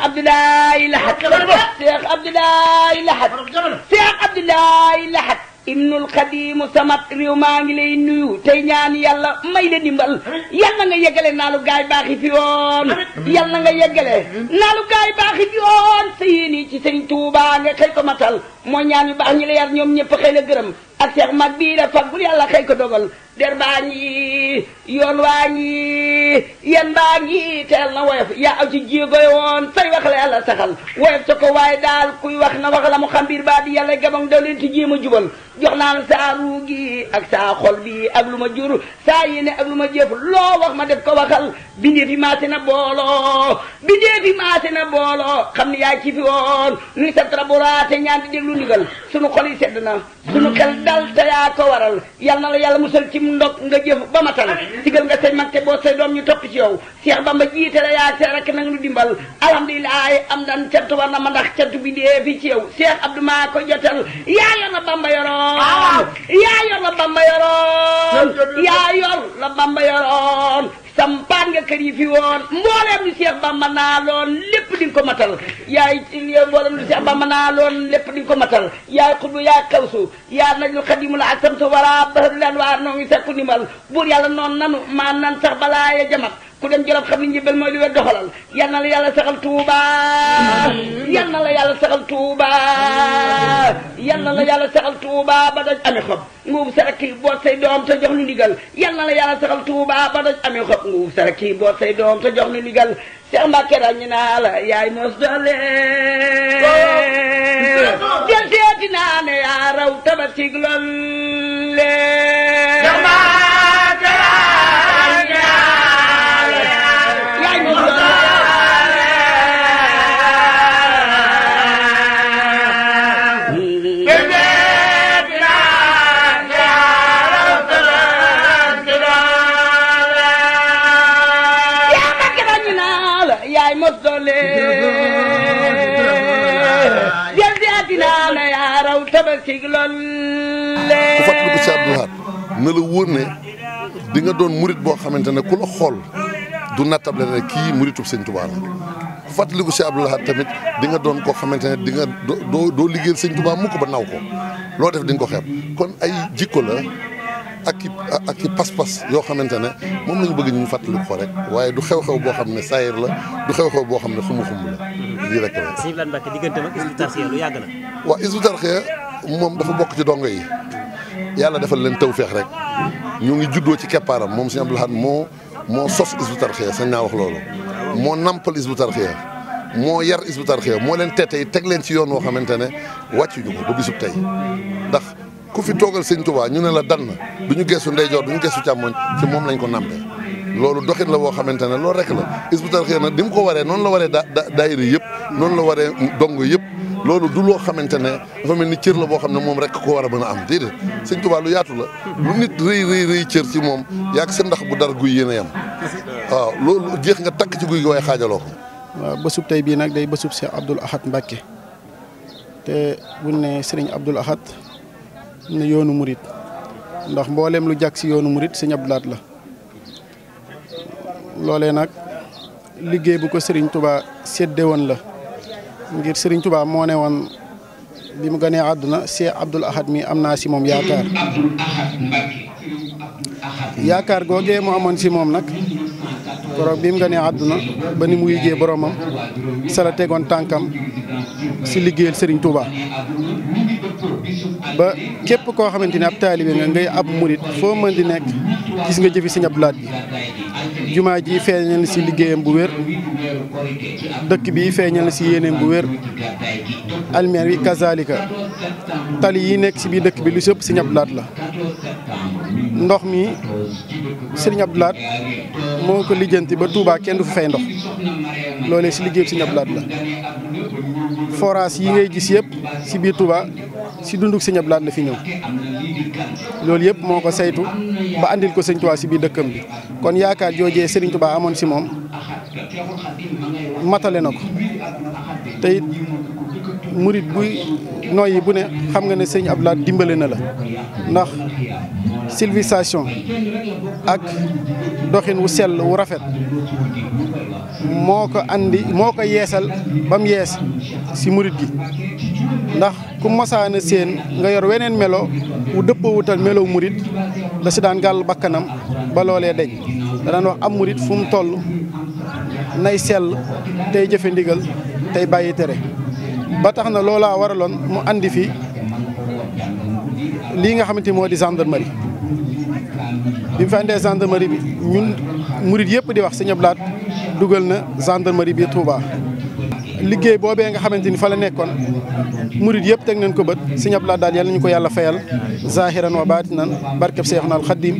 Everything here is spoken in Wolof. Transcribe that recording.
Abdoulaye Lahad Cheikh Abdoulaye Lahad Cheikh Abdoulaye Lahad ibnul xadimu samat réew maa ngi lay nuyu tey ñaani yàlla may la dimbal yàlla nga yeggale naa lu gaay baaxi fi woon yàlla nga yeggale naa lu gaay baaxi fi woon sa yéene ci sëñ Tuubaa nga xëy ko matal moo ñaan yu baax ñi la yar ñoom ñëpp xëy la gërëm ak Cheikh mag bii la faggul yàlla xëy ko dogal der baa ngi yoon waa yen baa ngi teel na woyof yaa aw ci jéegoy woon say wax la yàlla saxal woyof ca ko waaye daal kuy wax na wax la mu xam biir baa di yàlla gabam daw leen ci jéem a jubal jox naa la saa ruu gi ak saa xol bi ak lu ma jur saa yéene ak lu ma jëf loo wax ma def ko waxal bindee fi maase na booloo fi maase na booloo ni yaa ci woon nuy sabtara boraate ñaan di déglu ndigal sunu xol yi sedd sunu xel dal te yaa ko waral yal la yàlla ndog nga jëf ba matal sigal nga say mag te boo say doom ñu topp ci yow Bamba jiite yaa see rek nag nu dimbal alhamdulilah am dan cant war na ma bi dee fi ci yow Cheikh Abdou maa ko yaa yor la Bamba yoroon yaa yor la Bamba yor la Bamba nga kër fi woon mbooleem lu Cheikh Bamba naa loon lépp di nga ko matal yaay mboolem lu loon lépp di ko matal yaay xudbu yaay xawsu yaa naj lu xadimu la ak samtu wara baxaru leen waa noonu sakku ndimbal buur yàlla noonu sax balaa ya ku dem jolof xam ni njëbbal mooy li wet doxalal yal na la yàlla saxal tuuba yal na la yàlla saxal tuuba ba daj amee xob nga ub sara kii boot say doom te jox nu ndigal yal na la yàlla saxal tuuba ba daj amee xob nga ub sara kii boot say doom te jox nu ndigal Seex ba ràññi naa la yaay mos dole del seeti naa ne yaa raw tabatig lolle ku fàttaliku si Abdou na la wóor ne di nga doon murit boo xamante ne ku la xool du nattable ne kii muritub sëñ Tuubaa la ku fàttaliku si Abdou Lahad tamit di nga doon koo xamante ne di nga doo doo liggéeyal sëñ Tuubaa mukk ba naw ko loo def di ko xeeb kon ay jikko la ak i ak i pas-pas yoo xamante ne moom la ñu bëgg ñu fàttaliku ko rek waaye du xew-xew boo xam ne saayir la du xew-xew boo xam ne xumu-xumu la lii rek la. sëñ Abdou Mbacke digganteem ak Hizbut Tarqiyyah lu yàgg na. waaw moom dafa bokk ci dongo yi yàlla defal leen tawféex rek ñu ngi juddoo ci keppaaram moom sëñ Abdou Lahad moo moo sos Hizbut Tarqiyyah sañ naa wax loolu moo nampal Hizbut Tarqiyyah moo yar Hizbut Tarqiyyah moo leen tete yi teg leen ci yoon woo xamante ne wàccuñu ko ba bisub tey ndax ku fi toogal sëñ Touba ñu ne la dan na du ñu geesu ndeyjoor du ñu geesu càmmoñ ci moom lañ ko nàmpee loolu doxin la woo xamante ne loolu rek la Hizbut Tarqiyyah nag ni mu ko waree noonu la waree da daayira yëpp noonu la waree dong yëpp loolu du loo xamante ne dafa mel ni cër la boo xam ne moom rek ko war a am déedéet sëñ Tuubaa lu yaatu la lu ci moom yaag sa bu dar guy yéen a yem nga takk ci guy gi waaye xaajaloo ko waaw bésub tey bii nag day bésub Cheikh Abdoul Ahad Mbacké te buñ ne sëriñ Abdoul Ahad ne yoonu murit ndax mboolem lu jàkk si yoonu murit sëñ Abdoul la loolee nag liggéey bu ko sëriñ Touba séddee la ngir sëriñ Touba moo ne woon bi mu gënee àdduna Cheikh Abdoul Ahad mi am naa si moom yaakaar yaakaar googee mu amoon si moom nag koroog bi mu gënee àdduna ba ni mu yigee boromam sala tegoon tànkam si liggéeyal sëriñ Touba ba képp koo xamante ni ab taalibe nga ngay ab murit foo mën di nekk gis nga jëfi si Abdoul Ahad bi jumaa ji feeñal ci liggéeyam bu wér dëkk bi feeñal na si yéeneem bu wér almeer bi kazalika tali yi nekk ci biir dëkk bi lu sëpp Sëriñ Abdou Lahad la ndox mi Sëriñ Abdou moo ko lijjanti ba Touba kenn du fa fay ndox loolee si liggéeyam Sëriñ Abdou la forage yi ngay gis yëpp ci biir Touba si dunduk sëñ Abdou Lahad la fi ñëw loolu yëpp moo ko saytu ba andil ko sëñ Tuubaa si biir dëkkam bi kon yaakaar joojee sëriñ Tuubaa amoon si moom matale na ko tey murit buy noyyi bu ne xam nga ne sëñ ablaat Lahad dimbale na la ndax civilisation ak doxin wu sell wu rafet moo ko andi moo ko yeesal ba mu yees si murit gi ndax ku masaana seen nga yor weneen melo wu dëppoo melow murit da si daan gàll bakkanam ba loolee deñ da wax am murit fu mu toll nay sel tey jëfe ndigal tey bàyyi tere ba tax na loolaa waraloon mu indi fi lii nga xamante moo di gendarmerie bi mu fi andee gendarmerie bi ñun murit yëpp di wax sëñ Abdou dugal na gendarmerie bi Touba. liggéey boobee nga xamante ni fa la nekkoon murit yëpp teg nañ ko bët sëñ Abdou Lahad daal yal nañu ko yàlla fayal zahiran wa baatinan barkeb Seexna al Xaddim